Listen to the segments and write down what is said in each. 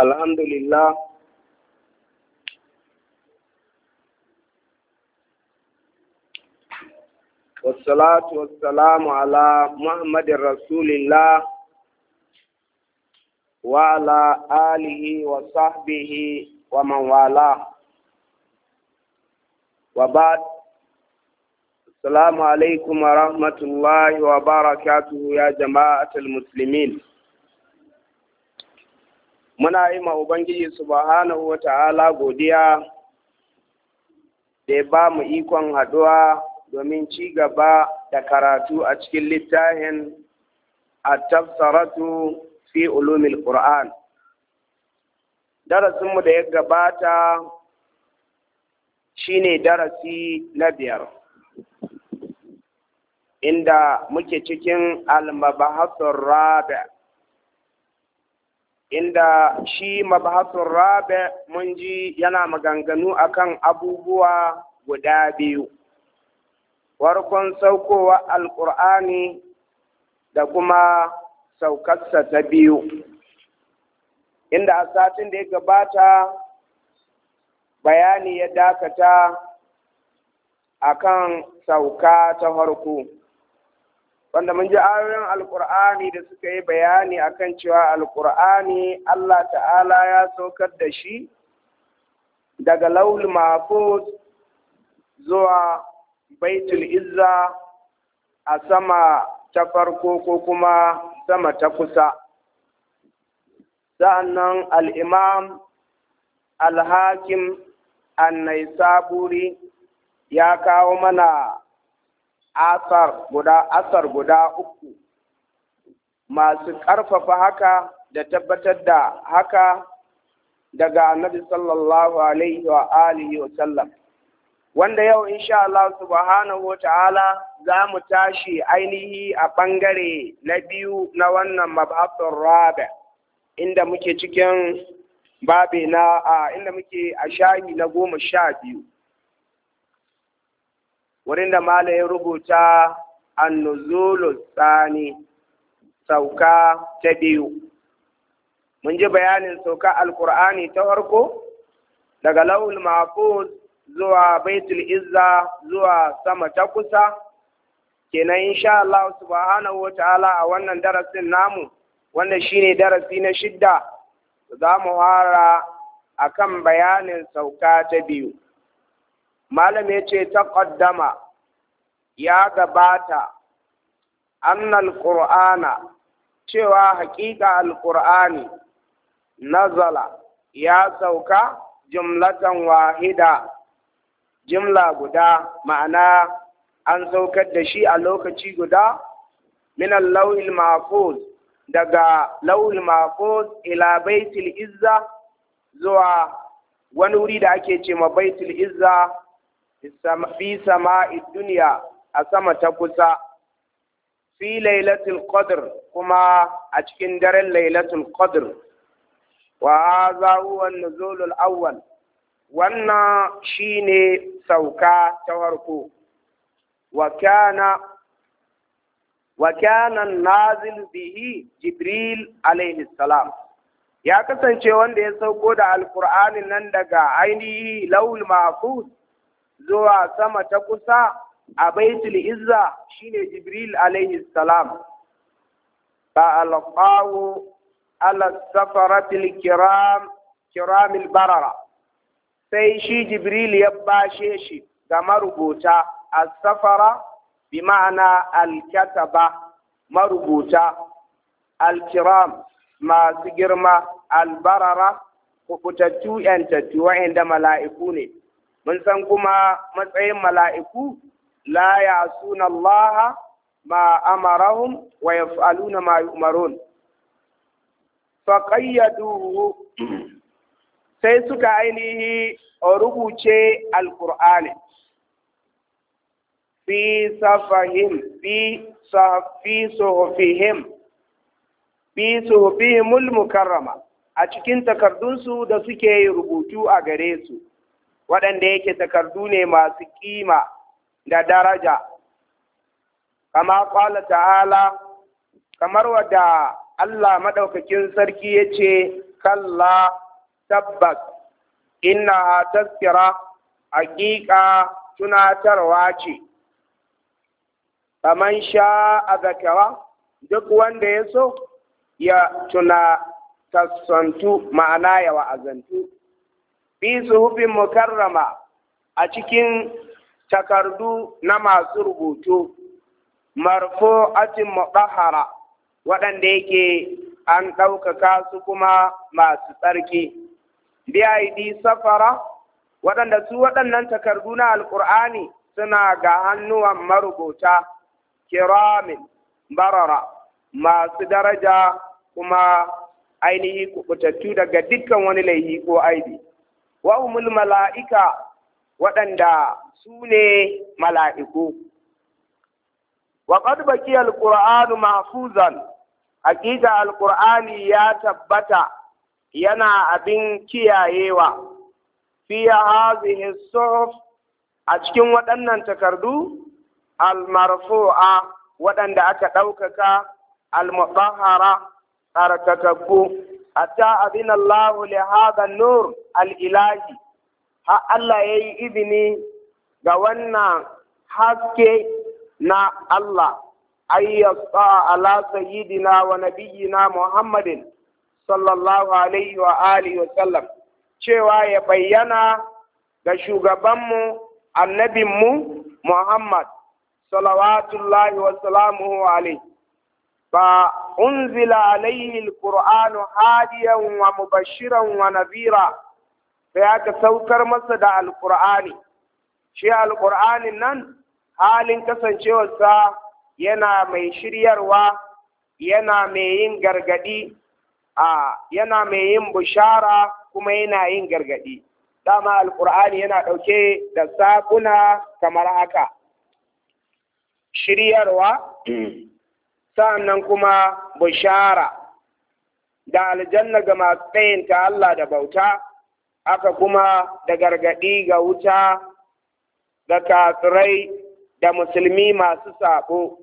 Alhamdulillah. Wassalatu wassalamu ala Muhammadin Rasulillah wa alihi wa sahbihi wa man wala. Wa ba, Assalamu wa rahmatullahi wa barakatuhu ya jama'atul musulmin. muna yi ma Ubangiji subhanahu wa ta'ala godiya da ba mu ikon haɗuwa domin ci gaba da karatu a cikin littafin a tafsaratu fi ulumil Qur'an. Darasinmu da ya gabata shine darasi na biyar. inda muke cikin almabahasun rabi inda shi mabhasun rabe mun ji yana maganganu akan abubuwa guda biyu warkon saukowa alƙur'ani da kuma saukarsa ta biyu inda a satin da ya gabata bayani ya dakata akan sauka ta farko wanda mun ji ayoyin alkur'ani da suka yi bayani akan cewa alkur'ani Allah ta'ala ya saukar da shi daga laul mahfuz zuwa baitul izza a sama ta farko ko kuma sama ta kusa sa'annan al'imam al-hakim an-naisaburi ya kawo mana asar guda asar guda uku masu ƙarfafa haka da tabbatar da haka daga annabi sallallahu alaihi wa alihi wa sallam wanda yau insha Allah subhanahu wa za mu tashi ainihi a ɓangare na biyu na wannan mabhatun rabi inda muke cikin babe na inda muke a shahi na goma sha biyu wurin da malam ya rubuta annuzulu tsani sauka ta biyu mun ji bayanin sauka alkur'ani ta farko daga laul mahfuz zuwa baitul izza zuwa sama ta kusa kenan insha Allah subhanahu ta'ala a wannan darasin namu wannan shine darasi na shidda za mu hara akan bayanin sauka ta biyu malam ya ce ƙaddama ya gabata annal qur'ana cewa haƙiƙa na nazala ya sauka jumlatan wahida jimla guda ma'ana an saukar da shi a lokaci guda min lau'il mahfuz daga lau'il mahfuz ila baitul izza zuwa wani wuri da ake ce ma baitul izza fi sama duniya a sama ta kusa fi lailatul qadr kuma a cikin daren lailatul qadr wa hadha huwa an-nuzul al-awwal wannan shine sauka ta farko wa kana wa kana nazil bihi jibril alaihi salam ya kasance wanda ya sauko da alqur'ani nan daga ainihi lawul mahfuz zuwa sama ta kusa a baitul izza shine jibril alaihi salam fa alqahu ala safaratil kiram kiramil barara sai shi jibril ya bashe shi ga marubuta as-safara bi ma'ana al-kataba marubuta al-kiram masu girma al-barara kubutattu yantattu wa'inda mala'iku ne mun san kuma matsayin mala'iku la suna Allah ma amarahum wa yaf'aluna ma yu'marun fa sai suka ainihi rubuce alqur'ani fi safahim fi safi fi suhufihimul mukarrama a cikin takardunsu da suke rubutu a gare su waɗanda yake takardu ne masu ƙima da daraja kama ƙwala ta'ala kamar wadda Allah maɗaukakin sarki ya ce kalla tabbas inna taskira hakika tunatarwa ce Kamar sha a zakawa duk wanda ya so ya tuna ma'ana ya wa'azantu fi suhufin mukarrama a cikin takardu na masu rubutu ajin mudahhara waɗanda yake an ɗaukaka su kuma masu tsarki bid safara waɗanda su waɗannan takardu na alƙur'ani suna ga hannuwan marubuta kiramin barara masu daraja kuma ainihi kubutattu daga dukkan wani laihi ko aibi. wa umul mala'ika waɗanda su ne mala'iku. Waƙar qad baki al mahfuzan hakika alkur'ani ya tabbata yana abin kiyayewa fi hadhihi suhuf a cikin waɗannan takardu almarfu'a waɗanda aka ɗaukaka almutahhara tsarkakakku hatta azina Allah li hadha nur al-ilahi ha Allah yayi izini ga wannan haske na Allah ayyasa ala sayyidina wa nabiyyina Muhammadin sallallahu alaihi wa wa sallam cewa ya bayyana ga shugabanmu annabinmu Muhammad wa Ba unzila alayhi al-ƙur'ani haliyyar wa muba shirin wa Nizira sai aka saukar masa da Al-ƙur'ani. Shi al nan, halin kasancewarsa yana mai shiryarwa, yana mai yin gargadi, yana mai yin bushara kuma yana yin gargadi. dama ma yana ɗauke da sabuwa kamar haka shiryarwa. Sannan kuma bushara da aljanna ga masu tsayinta Allah da bauta aka kuma da gargaɗi ga wuta da katsirai, da musulmi masu sabo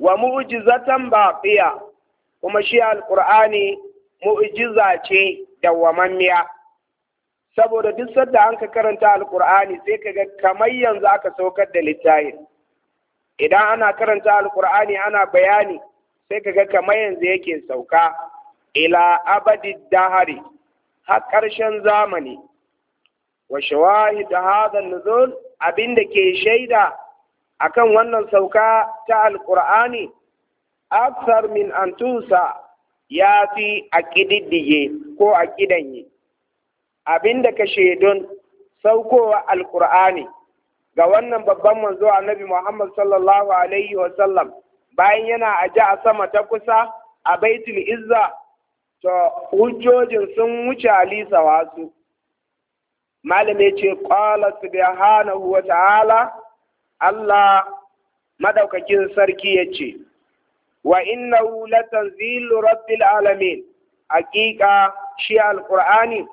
wa mu'jizatan baqiya kuma shi alqur'ani mu'ujiza ce dawwamammiya saboda duk sadda an ka karanta alqur'ani sai kaga kamar yanzu aka saukar da littafin idan ana karanta alkur'ani ana bayani sai ka kaga kamar yanzu yake sauka ila abadi dahari har ƙarshen zamani wa shawahid hadha nuzul abinda ke shaida akan wannan sauka ta alkur'ani aksar min antusa ya fi a ƙididdige ko a ƙidanye abinda ka shaidun saukowa alkur'ani ga wannan babban manzo annabi Muhammad sallallahu alaihi wa sallam bayan yana aje a sama ta kusa a baitul izza to hujjojin sun wuce alisa wasu malame ce qala subhanahu wa ta'ala Allah madaukakin sarki yace wa innahu latanzilu rabbil alamin hakika shi alqur'ani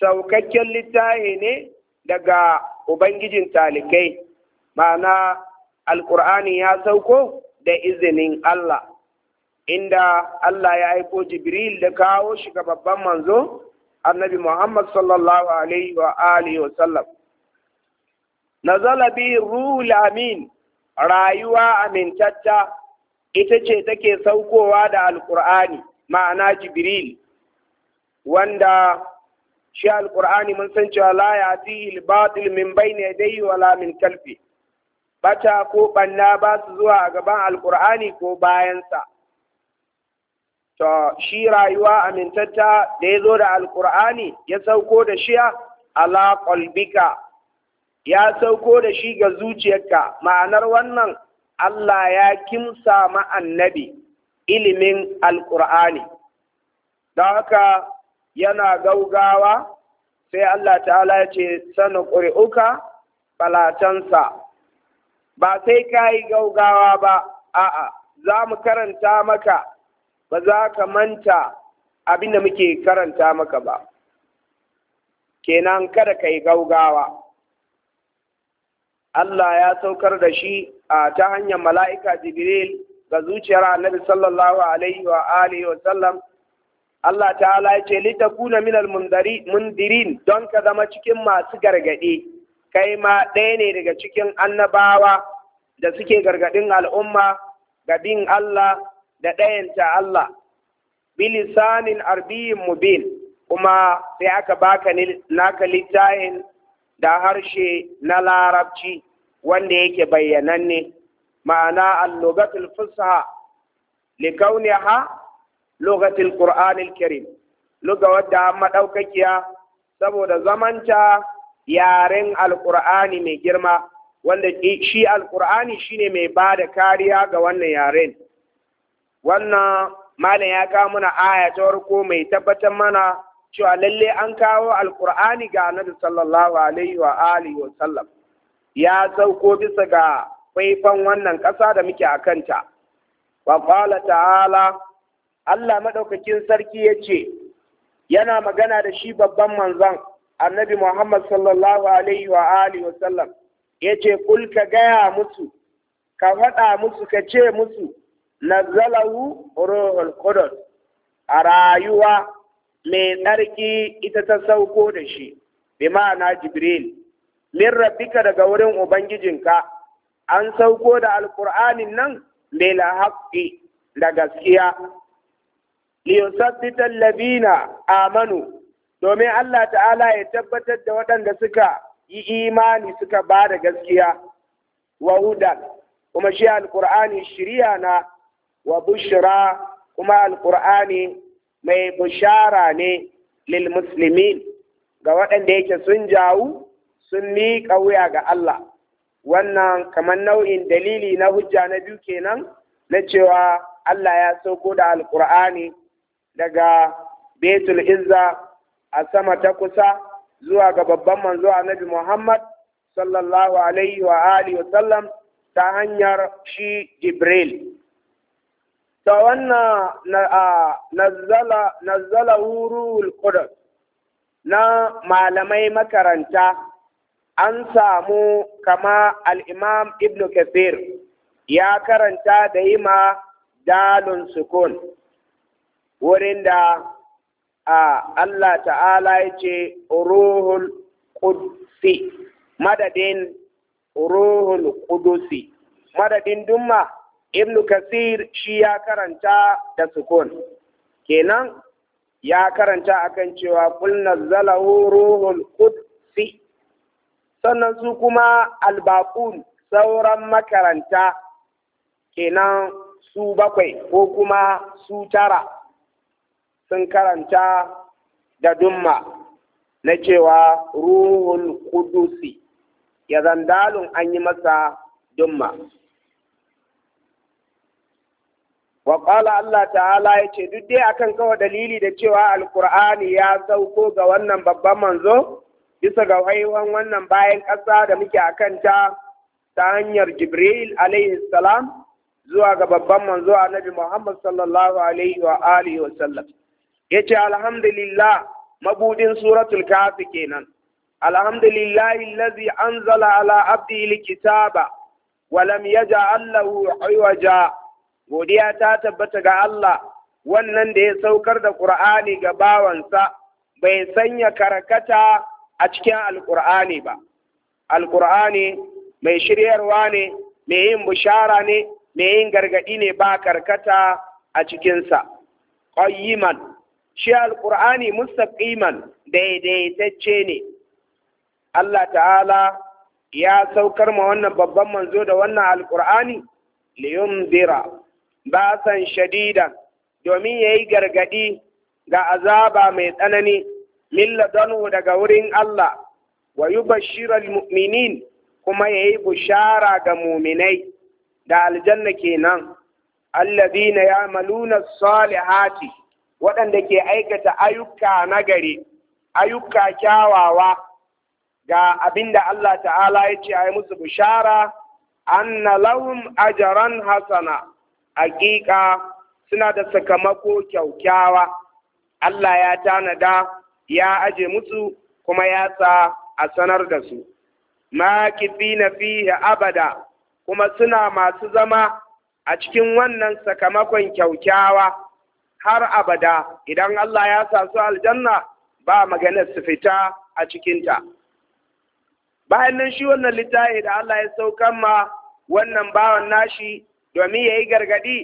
saukakken littafi ne daga Ubangijin talikai, ma'ana Alƙur'ani ya sauko da izinin Allah, inda Allah ya aiko Jibril da kawo shi ga babban manzo, annabi Muhammad sallallahu Alaihi wa alihi wa sallam. zala bi ruhul amin, rayuwa amintatta ita ce take saukowa da Alƙur'ani, ma'ana Jibril, wanda shi Alƙur'ani mun san cewa la ya'tihi al-batil min bayne dai wala min kalfi bata ko banna ba su zuwa a gaban Alƙur'ani ko bayansa to shi rayuwa amintatta da ya zo da alkur'ani ya sauko da shi ala qalbika ya sauko da shi ga zuciyarka ma'anar wannan Allah ya kimsa ma'annabi annabi ilimin alkur'ani don haka yana gaugawa sai Allah ta'ala ya ce sana ƙuri'uka falatansa ba sai ka yi gaugawa ba a'a za mu karanta maka ba za ka manta abinda muke karanta maka ba kenan kada ka yi gaugawa Allah ya saukar da shi a ta hanyar mala'ika Jibril ga zuciyar annabi sallallahu alaihi wa alihi wa sallam Allah ta'ala ya ce litakuna minal mundirin don ka zama cikin masu gargaɗi kai ma ɗaya ne daga cikin annabawa da suke gargaɗin al'umma ga bin Allah da ɗayanta Allah bilisanin arbiyin mubin kuma sai aka baka ni naka littafin da harshe na larabci wanda yake bayyananne ma'ana allogatul fusha likauniha lokacin qur'anil karim luga wadda maɗaukakiya, saboda zamanta yaren Alƙur'ani mai girma wanda shi alkur'ani shine mai ba da kariya ga wannan yaren wannan malam ya kawo mana aya ta farko mai tabbatar mana cewa lalle an kawo Alƙur'ani ga annabi sallallahu alaihi wa alihi wa sallam ya sauko bisa ga faifan wannan ƙasa da muke a kanta wa qala ta'ala Allah maɗaukakin sarki ya ce, yana magana da shi babban manzan annabi Muhammad sallallahu Alaihi wa Alihi wasallam, ya ce, Kul ka gaya musu, ka faɗa musu, ka ce musu, nazalahu ruhul qudus a rayuwa mai tsarki ita ta sauko da shi, bi ma'ana Jibril, min rabbika daga wurin Ubangijinka, an sauko da Alƙur'anin nan mai lahaƙi da gaskiya. liyusabbitan allazina amanu domin Allah ta'ala ya tabbatar da waɗanda suka yi imani suka ba da gaskiya wa hudan kuma shi Alƙur'ani, shirya na wa bushra kuma Alƙur'ani mai bushara ne lil muslimin ga waɗanda yake sun jawu sun miƙa wuya ga Allah wannan kamar nau'in dalili na hujja na biyu kenan na cewa Allah ya sauko da Alƙur'ani. daga Betul Izza a sama ta kusa zuwa ga babban manzo Annabi Muhammad sallallahu alaihi wa alihi wa sallam ta hanyar shi Jibril ta wannan nazzala nazzala wurul qudus na malamai makaranta an samu kama al-imam ibn kathir ya karanta da yima dalun sukun wurin da Allah ta'ala ya ce ruhul kudusi madadin ruhul kudusi madadin dumma ibnu kasir shi ya karanta da sukun kenan ya karanta akan cewa kulna zalahu ruhul kudusi sannan su kuma albakun sauran makaranta kenan su bakwai ko kuma su tara sun karanta da dumma na cewa ruhun kudusi ya zandalun an yi masa dumma wa Allah ta'ala ya ce duk dai akan kawo dalili da cewa Alƙur'ani ya sauko ga wannan babban manzo bisa ga haihuwan wannan bayan ƙasa da muke a kanta ta hanyar jibril alaihi salam zuwa ga babban manzo annabi muhammad sallallahu alaihi wa alihi wa sallam ya ce alhamdulillah mabudin suratul kafi kenan Alhamdulillah, alhamdulillahi an anzala ala ba. walam wa Allah yaj'al lahu iwaja godiya ta tabbata ga Allah wannan da ya saukar da ƙur'ani ga bawansa bai sanya karkata a cikin Alkur'ani ba alƙur'ani mai shiryarwa ne mai yin bushara ne mai yin gargaɗi ne ba karkata a cikinsa ƙayyiman shi alƙur'ani mustaqiman daidaitacce ne Allah ta'ala ya saukar ma wannan babban manzo da wannan alƙur'ani ba basan shadida domin yayi gargadi ga azaba mai tsanani milla ladanu daga wurin Allah wa bashirar mu'minin kuma yayi bushara ga mu'minai da aljanna kenan alladhina ya'maluna salihati waɗanda ke aikata ayyuka nagari ayyuka kyawawa ga abin da Allah ta'ala ya ce a yi musu bishara anna lahum ajaran hasana hakika suna da sakamako kyaukyawa Allah ya tanada ya aje musu kuma ya sa a sanar da su Ma na fihi abada kuma suna masu zama a cikin wannan sakamakon kyaukyawa har abada idan Allah ya sa su aljanna ba maganar su fita a cikinta. Bayan nan shi wannan littafi da Allah ya saukan ma wannan bawan nashi domin ya yi gargadi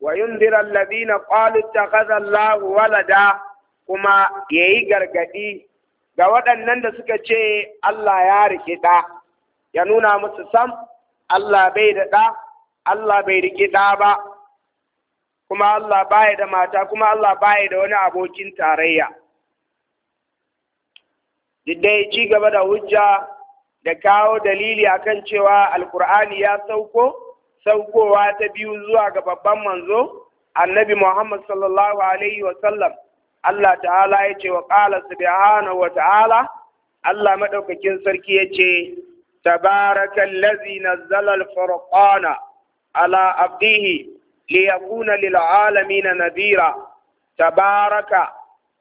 wa yundira alladhina qalu ittakhadha Allahu walada kuma ya yi gargadi ga waɗannan da suka ce Allah ya rike ɗa ya nuna musu sam Allah bai da ɗa Allah bai rike ɗa ba kuma Allah baya da mata kuma Allah baya da wani abokin tarayya dai ci gaba da hujja da kawo dalili akan cewa alkur'ani ya sauko saukowa ta biyu zuwa ga babban manzo annabi Muhammad sallallahu alaihi wa sallam Allah ta'ala ya ce wa qala subhanahu wa ta'ala Allah madaukakin sarki ya ce tabarakallazi nazzala alfurqana ala abdihi liyakuna lil alamin nadira tabaraka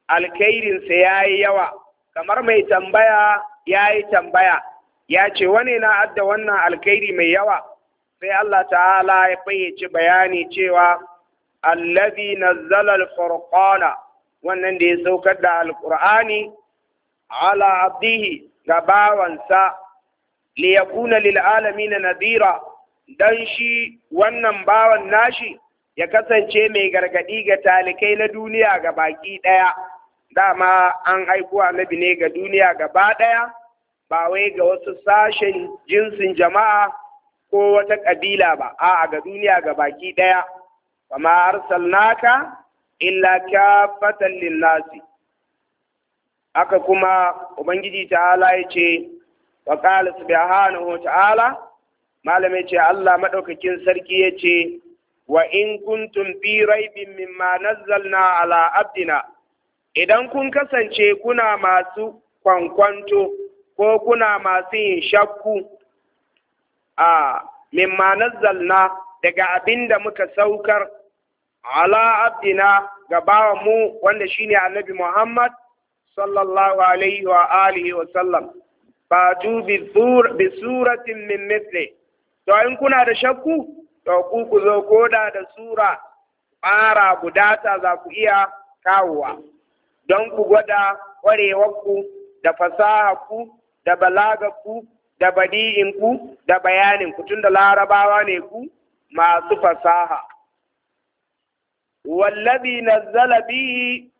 alkhairin sa yayi yawa kamar mai tambaya yayi tambaya ya ce wane na adda wannan alkhairi mai yawa sai Allah ta'ala ya fayyace bayani cewa allazi nazzala al wannan da ya saukar da alqur'ani ala abdihi ga bawansa li yakuna lil alamin nadira don shi wannan bawan nashi ya kasance mai gargadi ga talikai na duniya ga baki ɗaya dama an haiku annabi ne ga duniya gaba ɗaya ba wai ga wasu sashen jinsin jama'a ko wata ƙabila ba a'a ga duniya ga baki ɗaya kuma arsalnaka illa kafatan linnasi haka kuma ubangiji ta'ala ya ce wa qala subhanahu wa ta'ala malamai ce Allah maɗaukakin sarki ya ce wa in kuntum fi raibin mimma nazzalna ala abdina idan kun kasance kuna masu kwankwanto ko kuna masu yin shakku a mimma nazzalna daga abinda muka saukar ala abdina ga mu wanda shine annabi Muhammad sallallahu alaihi wa alihi wa sallam fatu bi suratin min mithlihi to in kuna da shakku to ku ku zo koda da sura ƙara gudata za ku iya kawowa don ku gwada ƙwarewarku da fasaha fasahaku da balagarku da badi'inku da bayaninku tun da larabawa ne ku masu fasaha wallabi nazzala bihi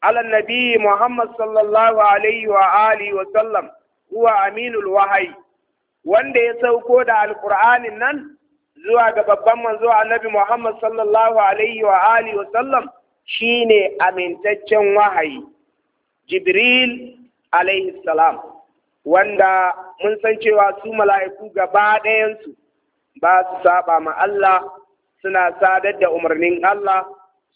ala nabi muhammad sallallahu alaihi wa alihi wa sallam huwa aminul wahayi wanda ya sauko da alƙur'anin nan zuwa ga babban manzo annabi Muhammad sallallahu alaihi wa alihi wa sallam shine amintaccen wahayi Jibril alaihi salam wanda mun san cewa su mala'iku gaba ɗayansu ba su saba ma Allah suna sadar da umarnin Allah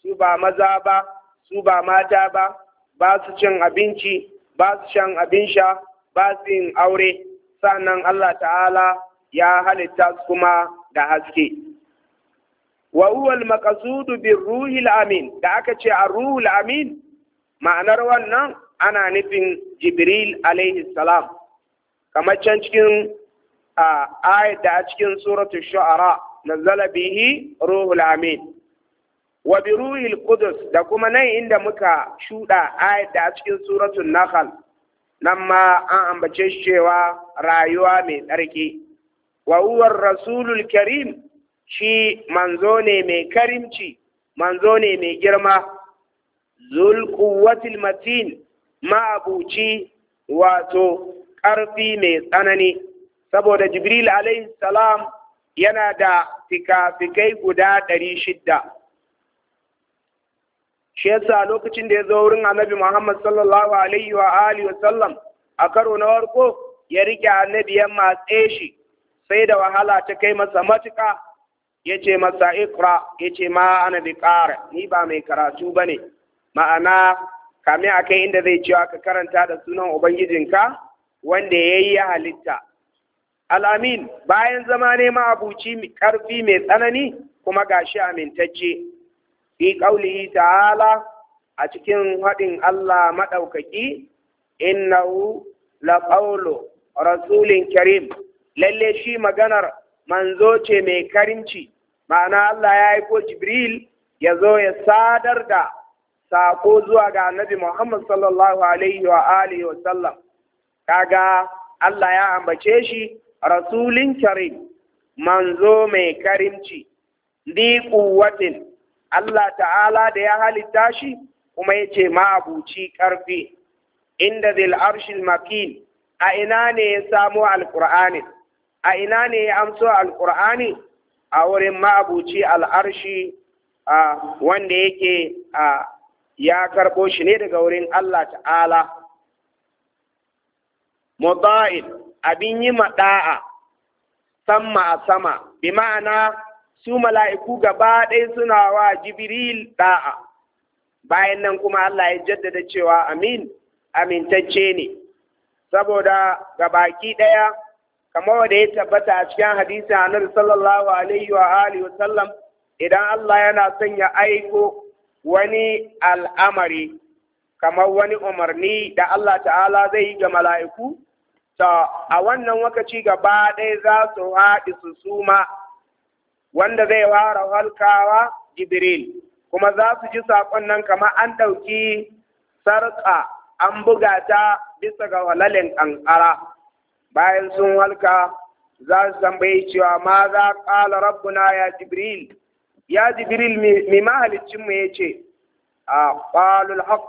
su ba maza ba su ba mata ba ba su cin abinci ba su shan abin sha ba su yin aure sannan Allah ta'ala ya halitta su kuma da haske wa huwa al-maqsudu bir ruhil amin da aka ce a ruhul amin ma'anar wannan ana nufin Jibril alaihi salam kamar can cikin ayat da a cikin suratul shu'ara nazala bihi ruhul amin wa bi ruhil qudus da kuma nan inda muka shuda ayat da a cikin suratul nahl nan ma an ambace shi cewa rayuwa mai tsarki wa uwar rasulul karim shi manzo ne mai karimci manzo ne mai girma zul kuwatil matin ma'abuci wato ƙarfi mai tsanani saboda jibril alaihi salam yana da fikafikai guda ɗari shidda shi yasa lokacin da ya zo wurin annabi Muhammad sallallahu alaihi wa alihi wasallam a karo na Warko, ya rike annabi ya matse shi sai da wahala ta kai masa matuka, ya ce masa ikra ya ce ma ana bi ƙara ni ba mai karatu ba ne ma'ana kame a kai inda zai cewa ka karanta da sunan ubangijinka wanda ya yi ya halitta al'amin bayan zama ne abuci karfi mai tsanani kuma gashi amintacce fi qaulihi ta'ala a cikin haɗin Allah maɗaukaki innahu la qawlu rasulin karim lalle shi maganar manzo ce mai karimci ma'ana Allah ya aiko Jibril ya zo ya sadar da saƙo zuwa ga Annabi Muhammad sallallahu alaihi wa alihi wa sallam kaga Allah ya ambace shi rasulin karim manzo mai karimci ndi kuwatin Allah ta'ala da ya halitta shi kuma yace ce ma'abuci ƙarfi inda zil arshil makin a ina ne ya samo alƙur'ani a ina ne ya amso alƙur'ani a wurin ma'abuci al'arshi wanda yake ya karɓo shi ne daga wurin Allah ta'ala muta'in abin yi maɗa'a sama a sama bi ma'ana su mala'iku gaba ɗaya suna wa jibril da'a. bayan nan kuma Allah ya jaddada cewa amin amintacce ne saboda gabaki ɗaya kamar wanda ya tabbata a cikin hadisi annabi sallallahu alaihi wa alihi wasallam idan Allah yana son ya aiko wani al'amari kamar wani umarni da Allah ta'ala zai yi ga mala'iku ta a wannan wakaci gaba ɗaya za su haɗi su suma wanda zai ware halkawa Jibril kuma za su ji saƙon nan kamar an ɗauki sarƙa an buga ta bisa ga walalin ƙanƙara bayan sun halka za su tambayi cewa ma za ƙala rabbuna ya Jibril ya Jibril mai mahalicinmu ya ce a ƙwalul haƙ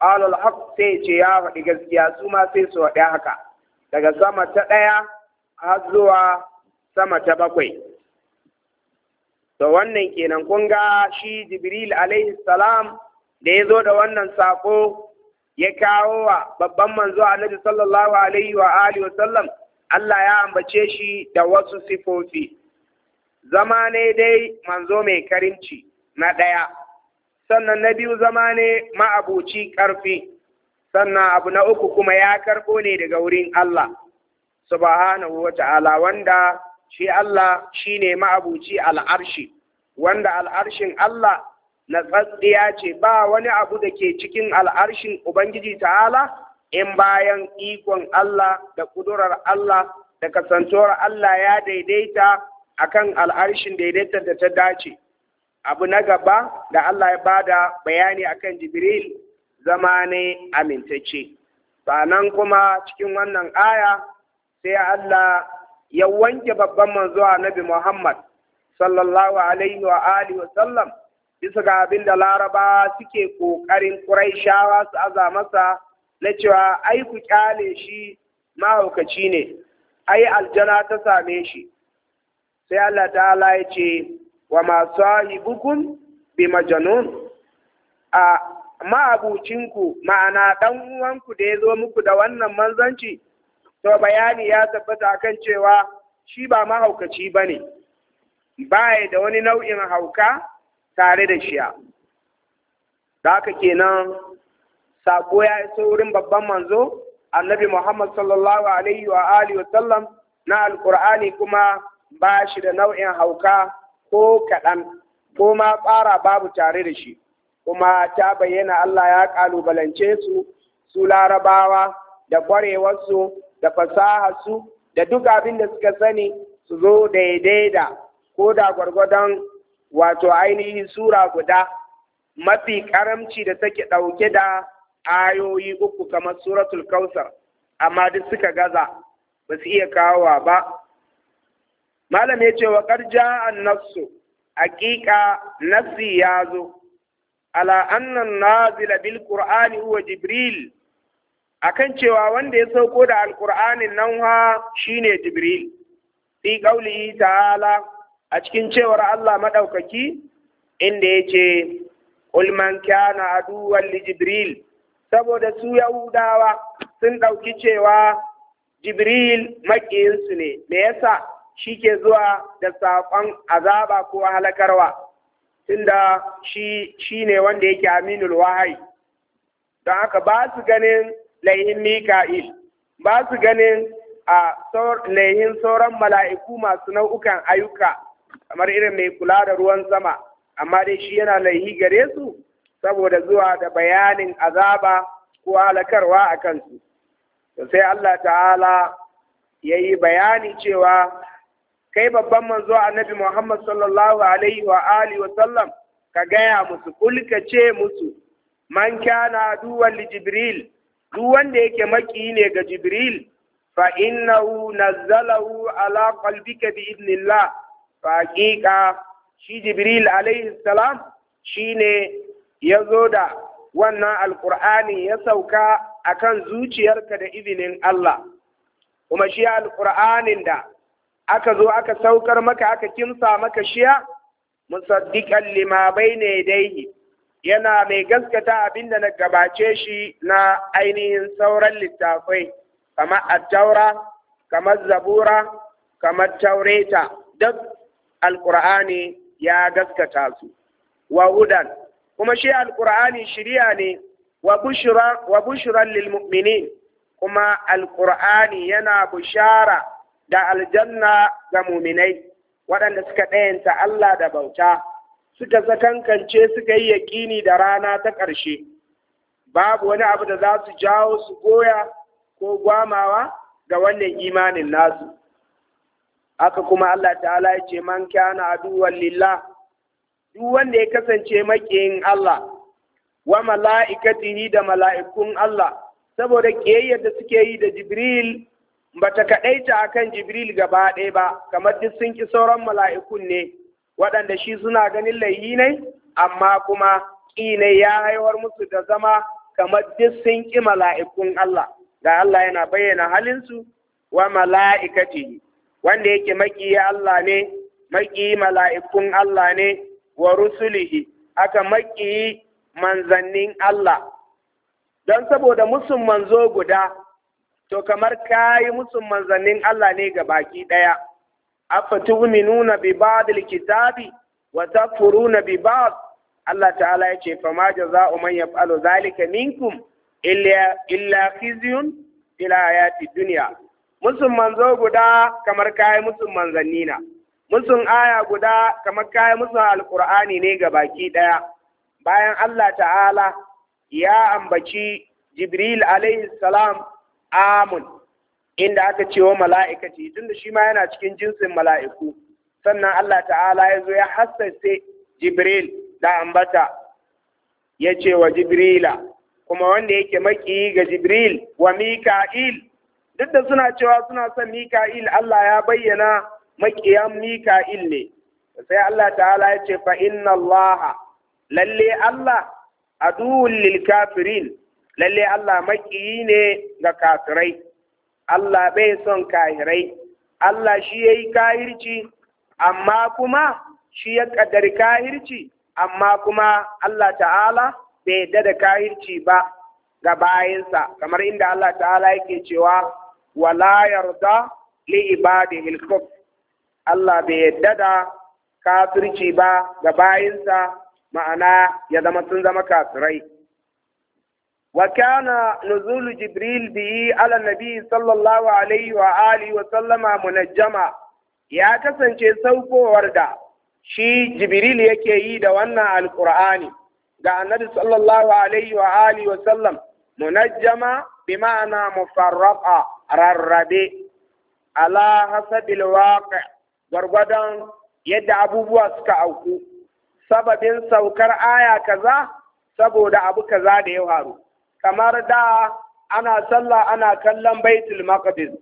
ƙwalul haƙ sai ce ya faɗi gaskiya su ma sai su faɗi haka daga sama ta ɗaya har zuwa sama ta bakwai to wannan kenan kun ga shi jibril alaihi salam da ya zo da wannan sako ya kawo wa babban manzo annabi sallallahu alaihi wa alihi wa sallam Allah ya ambace shi da wasu sifofi zama ne dai manzo mai karinci na ɗaya sannan na biyu zama ne ma'abuci ƙarfi sannan abu na uku kuma ya karɓo ne daga wurin Allah subhanahu wa ta'ala wanda shi Allah shi ne ma'abuci al'arshi, wanda al'arshin Allah na tsatsiya ce ba wani abu da ke cikin al'arshin Ubangiji ta'ala in bayan ikon Allah da ƙudurar Allah da kasantuwar Allah ya daidaita akan al'arshin daidaitar da ta dace. Abu na gaba da Allah ya bada bayani akan Jibril zama ne amintacce. Sannan kuma cikin wannan aya sai Allah ya wanke babban manzo annabi Muhammad sallallahu alaihi wa alihi wa sallam bisa ga abin da Laraba suke ƙoƙarin Quraishawa su aza masa na cewa ai ku kyale shi mahaukaci ne ai aljana ta same shi sai Allah ta'ala ya ce wa ma sahibukum bi majnun a ku ma'ana dan uwanku da ya zo muku da wannan manzanci to bayani ya tabbata akan cewa shi ba mahaukaci ba ne baya da wani nau'in hauka tare da shiya da haka kenan sako ya iso wurin babban manzo annabi muhammad sallallahu alaihi wa alihi wasallam na alkur'ani kuma ba shi da nau'in hauka ko kaɗan ko ma fara babu tare da shi kuma ta bayyana allah ya ƙalubalance su su larabawa da ƙwarewarsu da fasaha su da duk abin da suka sani su zo daidai da ko da gwargwadon wato ainihi sura guda mafi karamci da take ɗauke da ayoyi uku kamar suratul kausar amma duk suka gaza ba su iya kawowa ba malam ya ce wa ƙarja an nasu hakika nasi ya zo ala annan nazila bil qur'ani huwa jibril akan cewa wanda ya sauko da alkur'anin nan ha shine jibril fi qauli ta'ala a cikin cewar Allah madaukaki inda yace qul man kana aduwwan li jibril saboda su yahudawa sun dauki cewa jibril makiyinsu ne me yasa shi ke zuwa da saƙon azaba ko halakarwa tunda shi shine wanda yake aminul wahai don haka ba su ganin laihin Mika'il, ba su ganin a laihin sauran mala'iku masu nau'ukan ayyuka, kamar irin mai kula da ruwan sama, amma dai shi yana laihi gare su saboda zuwa da bayanin azaba ko halakarwa a kansu. Sai Allah ta'ala ya yi bayani cewa kai babban manzo annabi Muhammad sallallahu alaihi wa alihi wa sallam ka gaya musu kulka ce musu man kana duwan jibril duk wanda yake maki ne ga Jibril fa innahu nazzalahu ala qalbika bi idnillah fa haqiqa shi Jibril alaihi salam shine yazo da wannan alqur'ani ya sauka akan zuciyarka da izinin Allah kuma shi alqur'anin da aka zo aka saukar maka aka kimsa maka shiya musaddiqan lima bayna yadayhi yana mai gaskata abin da na gabace shi na ainihin sauran littafai kamar attaura kamar zabura kamar taureta duk alkur'ani ya gaskata su wa hudan kuma shi alkur'ani shirya ne wa bushirar lil kuma alkur'ani yana bushara da aljanna ga muminai waɗanda suka ɗayanta Allah da bauta suka sakankance suka yi yaƙini da rana ta ƙarshe babu wani abu da za su jawo su goya ko gwamawa ga wannan imanin nasu aka kuma Allah ta'ala ya ce man kana aduwwan lillah duk wanda ya kasance makiyin Allah wa mala'ikatihi da mala'ikun Allah saboda ƙiyayyar da suke yi da Jibril ba bata a kan Jibril gaba ɗaya ba kamar duk sun ki sauran mala'ikun ne waɗanda shi suna ganin laihi ne amma kuma ƙine ya haihuwar musu da zama kamar duk sun ƙi mala'ikun Allah da Allah yana bayyana halinsu wa mala'ikatihi wanda yake maƙiyi Allah ne maƙiyi mala'ikun Allah ne wa rusulihi aka maƙiyi manzannin Allah don saboda musun manzo guda to kamar ka yi musun manzannin Allah ne ga baki ɗaya. afatu'minuna bi ba'd kitabi wa takfuruna bi ba'd Allah ta'ala yace fa ma jaza'u man yaf'alu zalika minkum illa illa khizyun fil hayati dunya musun manzo guda kamar kai musun manzanni na musun aya guda kamar kai musun alqur'ani ne ga baki daya bayan Allah ta'ala ya ambaci Jibril alaihi salam amun inda aka ce wa mala'ikaci tunda shi ma yana cikin jinsin mala'iku sannan Allah ta'ala ya zo ya hassace Jibril da ambata ya ce wa Jibrila kuma wanda yake maki ga Jibril wa Mika'il duk da suna cewa suna son Mika'il Allah ya bayyana makiyan Mika'il ne sai Allah ta'ala ya ce fa Allah lalle Allah aduwwul lil kafirin lalle Allah maƙiyi ne ga kafirai Allah bai son kahirai Allah shi ya yi kahirci amma kuma shi ya kaddari kahirci amma kuma Allah ta'ala bai yadda da kahirci ba ga bayansa kamar inda Allah ta'ala yake cewa wala yarda li ibadihi al Allah bai yadda da kafirci ba ga bayansa, ma'ana ya zama sun zama kafirai وكان نزول جبريل به على النبي صلى الله عليه وآله وسلم منجما يا كسن شي سوكو وردا شي جبريل يكي يدا وانا القرآن دا النبي صلى الله عليه وآله وسلم منجما بمعنى مفرقة rarrabe على حسب الواقع gwargwadon يد أبو suka auku sababin saukar aya kaza saboda abu kaza da kamar da ana sallah ana kallon baitul maqdis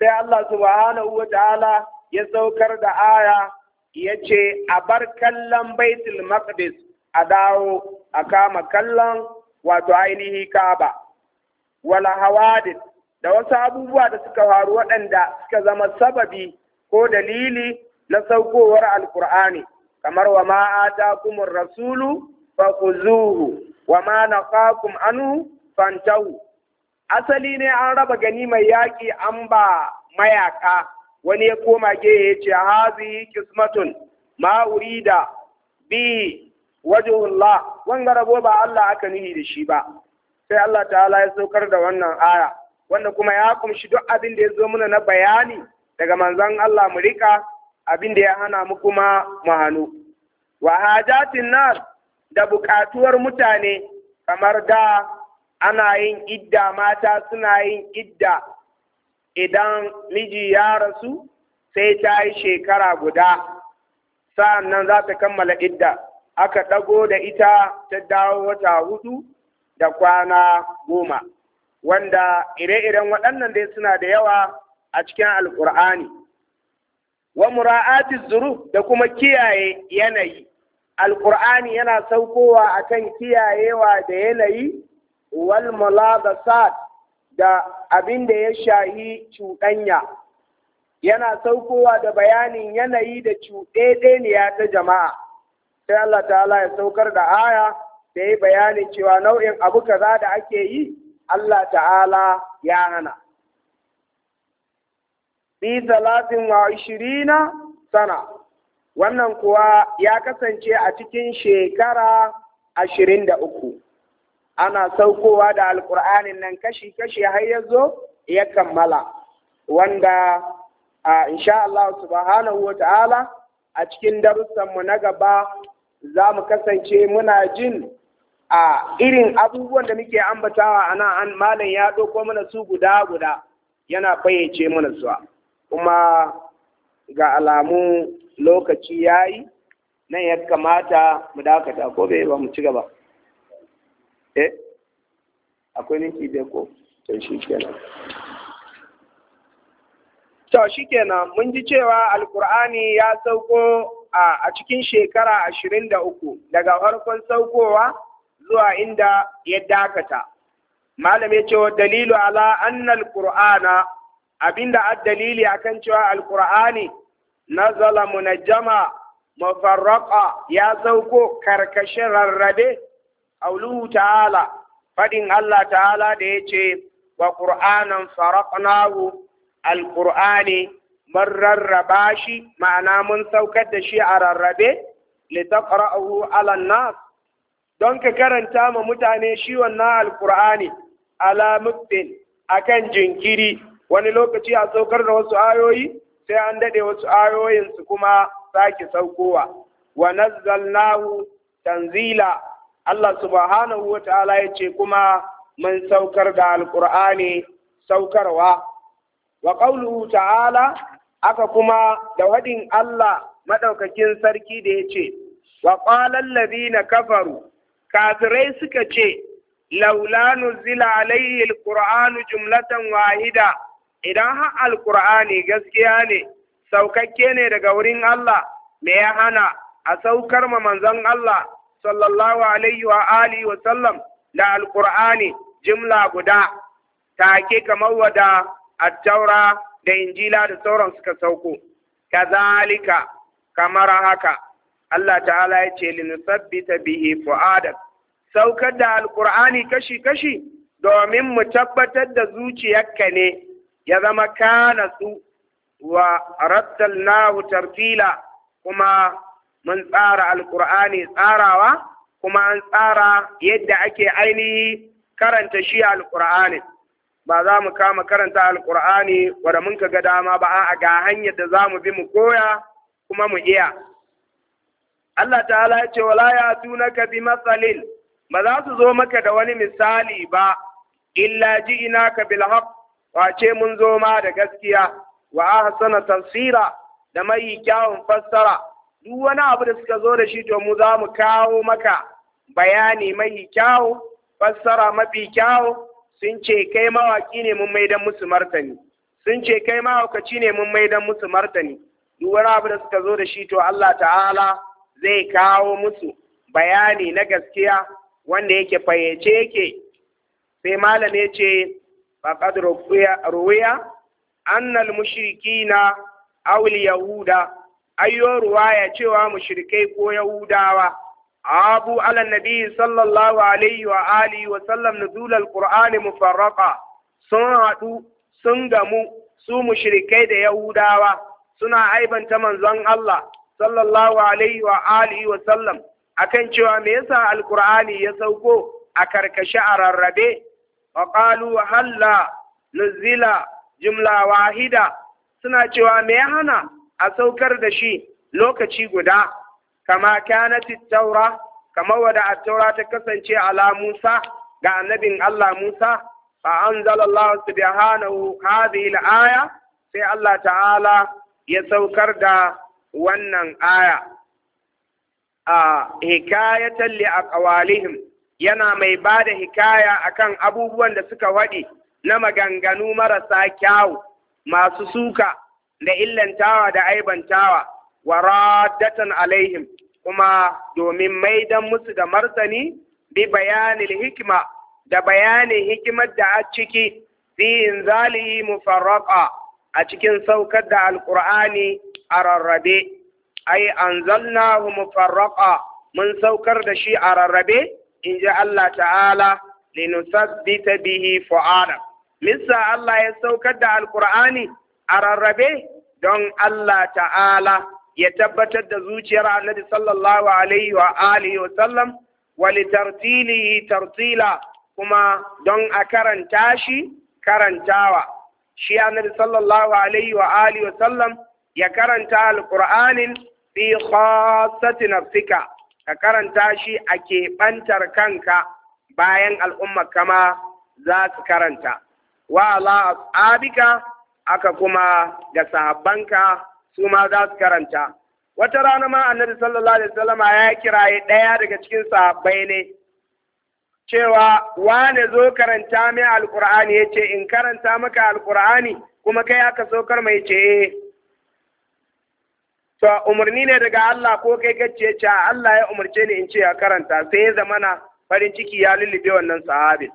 sai Allah subhanahu wa ta'ala ya saukar da aya ya ce a bar kallon baitul maqdis a dawo a kama kallon wato ainihi kaba wala hawadis da wasu abubuwa da suka faru waɗanda suka zama sababi ko dalili na saukowar alkur'ani kamar wa ma'ata kumur rasulu fa kuzuhu wa ma naqakum anu? fantahu asali ne an raba gani mai yaƙi an ba mayaka wani ya koma Ge ya ce hazi kismatun ma urida bi wajhullah wanga rabo ba Allah aka nihi da shi ba sai Allah ta'ala ya saukar da wannan aya wanda kuma ya kumshi duk abin da ya zo muna na bayani daga manzon Allah mu rika abin da ya hana mu kuma mu hanu wa hajatin nas da bukatuwar mutane kamar da ana yin idda mata suna yin idda idan miji ya rasu sai ta yi shekara guda sa'annan za ta kammala idda aka ɗago da ita ta dawo wata hudu da kwana goma wanda ire-iren waɗannan dai suna da yawa a cikin alkur'ani wa mura'ati zuruf da kuma kiyaye yanayi alƙur'ani yana saukowa kan kiyayewa da yanayi wal mulabasat da abin da ya shahi cuɗanya yana saukowa da bayanin yanayi da cuɗeɗeniya ta jama'a sai Allah ta'ala ya saukar da aya da ya bayanin cewa nau'in abu kaza da ake yi Allah ta'ala ya hana Bi talatin wa ishirina sana wannan kuwa ya kasance a cikin shekara ashirin da uku ana saukowa da alkur'anin nan kashi-kashi har ya zo ya kammala wanda a insha Allah subhanahu wa ta'ala a cikin darussanmu na gaba za mu kasance muna jin a irin abubuwan da muke ambatawa a an malam ya ɗauko mana su guda-guda yana fayyace mana su kuma ga alamu lokaci ya yi nan ya kamata mu dakata ko bai ba mu ci gaba eh akwai ninki bai ko to shi kenan to shi kenan mun ji cewa alkur'ani ya sauko a cikin shekara ashirin da uku daga farkon saukowa zuwa inda ya dakata malam ya ce wa dalilu ala annal qur'ana abinda ad dalili akan cewa alkur'ani nazala munajjama mafarraqa ya sauko karkashin rarrabe auluhu ta'ala fadin Allah ta'ala da yace wa qur'anan faraqnahu alqur'ani mun rarraba shi ma'ana mun saukar da shi a rarrabe litaqra'uhu 'ala nas don ka karanta ma mutane shi wannan alqur'ani ala muttin akan jinkiri wani lokaci a saukar da wasu ayoyi sai an dade wasu ayoyinsu kuma sake saukowa wa nazzalnahu tanzila Allah subhanahu wa ta'ala ya ce kuma mun saukar da Alƙur'ani saukarwa wa qawluhu ta'ala aka kuma da wadin Allah maɗaukakin sarki da ya ce wa qala na kafaru kafirai suka ce laula nuzila alaihi alqur'anu jumlatan wahida idan har alkur'ani gaskiya ne saukakke ne daga wurin Allah me ya hana a saukar ma manzon Allah sallallahu alaihi wa alihi wa sallam da alkur'ani jimla guda take kamar wada attaura da injila da sauran suka sauko kazalika kamar haka Allah ta'ala ya ce linusabbita bihi fu'adak saukar da alkur'ani kashi kashi domin mu tabbatar da zuciyarka ne ya zama kana su wa nahu tartila kuma mun tsara alkur'ani tsarawa kuma an tsara yadda ake ainihi karanta shi alkur'ani ba za mu kama karanta alkur'ani wadda mun ga dama ba a ga hanyar da za mu bi mu koya kuma mu iya Allah ta'ala ya ce wala ya ka bi matsalin ba za su zo maka da wani misali ba illa ji ina ka bil haqq Wace mun zo ma da gaskiya wa ahsana tafsira da mai kyawun fassara duk wani abu da suka zo da shi to mu za mu kawo maka bayani mai kyawu fassara mafi kyawu sun ce kai mawaki ne mun maidan musu martani sun ce kai mahaukaci ne mun maidan musu martani duk wani abu da suka zo da shi to Allah ta'ala zai kawo musu bayani na gaskiya wanda yake fayyace yake sai malam ya ce faqad ruwiya anna al-mushrikina aw al-yahuda ayyo ruwaya cewa mushrikai ko yahudawa abu ala nabi sallallahu alaihi wa alihi wa sallam nuzul al-qur'ani sun hadu sun gamu su mushrikai da yahudawa suna aibanta manzon Allah sallallahu alaihi wa alihi wa sallam akan cewa me yasa alqur'ani ya sauko a karkashi a rarrabe faƙalu halla nuzila jumla wahida suna cewa me hana a saukar da shi lokaci guda kama kanati taura kama wada a taura ta kasance ala Musa ga annabin Allah Musa fa anzalallahu subhanahu hadhihi aya sai Allah ta'ala ya saukar da wannan aya a hikayatan li aqwalihim yana mai ba da hikaya a kan abubuwan da suka waɗe na maganganu marasa kyawu masu suka da illantawa da aibantawa wa raddatan alaihim kuma domin maidan musu da martani bi bayanil hikima da bayanin hikimar da a ciki fi mu mufarraqa a cikin saukar da alqur'ani a rarrabe ai anzalnahu mufarraqa mun saukar da shi a rarrabe in ji Allah ta'ala linusabbita bihi fu'ada misa Allah ya saukar da alkur'ani a rarrabe don Allah ta'ala ya tabbatar da zuciyar annabi sallallahu alaihi wa alihi wa sallam walitartilihi tartila kuma don a karanta shi karantawa shi annabi sallallahu alaihi wa alihi wa sallam ya karanta alkur'anin fi khassati nafsika ka karanta shi a keɓantar kanka bayan al'umma kama za su karanta wa aka kuma ga sahabbanka su ma za su karanta wata rana ma annabi sallallahu alaihi wasallama ya kiraye ɗaya daga cikin sahabbai ne cewa wane zo karanta mai Alƙur'ani ya ce in karanta maka alkur'ani kuma kai aka saukar mai ce eh. to umarni ne daga Allah ko kai kace ce Allah ya umarce ni in ce ya karanta sai ya zamana farin ciki ya lullube wannan sahabin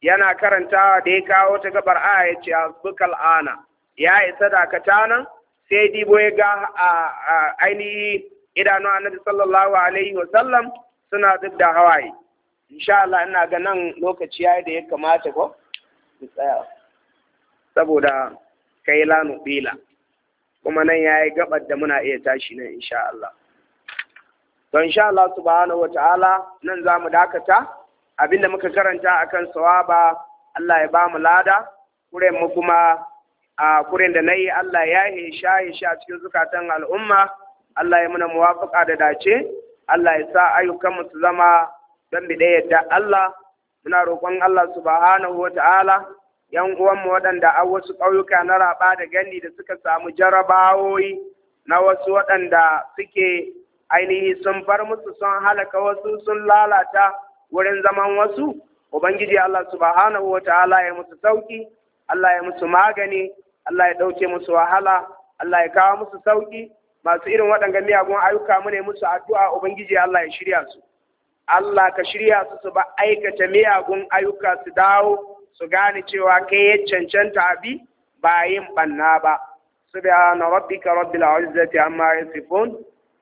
yana karanta da ya kawo ta gabar a ya ce bukal ana ya isa dakata nan sai dibo ya ga ainihi idanu annabi sallallahu alaihi wa sallam suna duk da hawaye insha Allah ina ga nan lokaci yayi da ya kamata ko saboda kai lanu bila kuma nan yayi gabar da muna iya tashi nan insha Allah to insha Allah subhanahu wataala nan mu dakata abinda muka karanta akan sawaba Allah ya ba mu lada kuren mu kuma a kuren da nayi Allah ya yi shayi cikin zukatan al'umma Allah ya muna muwafaka da dace Allah ya sa ayyukan mu su zama dan bidayar da Allah muna roƙon Allah subhanahu wataala yan uwanmu waɗanda a wasu ƙauyuka na raba da gani da suka samu jarabawoyi na wasu waɗanda suke ainihi sun bar musu sun halaka wasu sun lalata wurin zaman wasu ubangiji Allah subhanahu wa ta'ala ya musu sauki Allah ya musu magani Allah ya ɗauke musu wahala Allah ya kawo musu sauki masu irin waɗanga miyagun ayyuka mu ne musu addu'a ubangiji Allah ya shirya su Allah ka shirya su su ba aikata miyagun ayyuka su dawo su gane cewa kai ya cancanta abi ba yin banna ba subhana rabbika rabbil izzati amma yasifun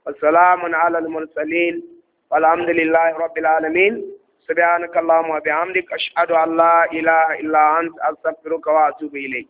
wa salamun alal mursalin walhamdulillahi rabbil alamin subhanakallahumma wa bihamdika ashhadu an la ilaha illa anta astaghfiruka wa atubu ilayk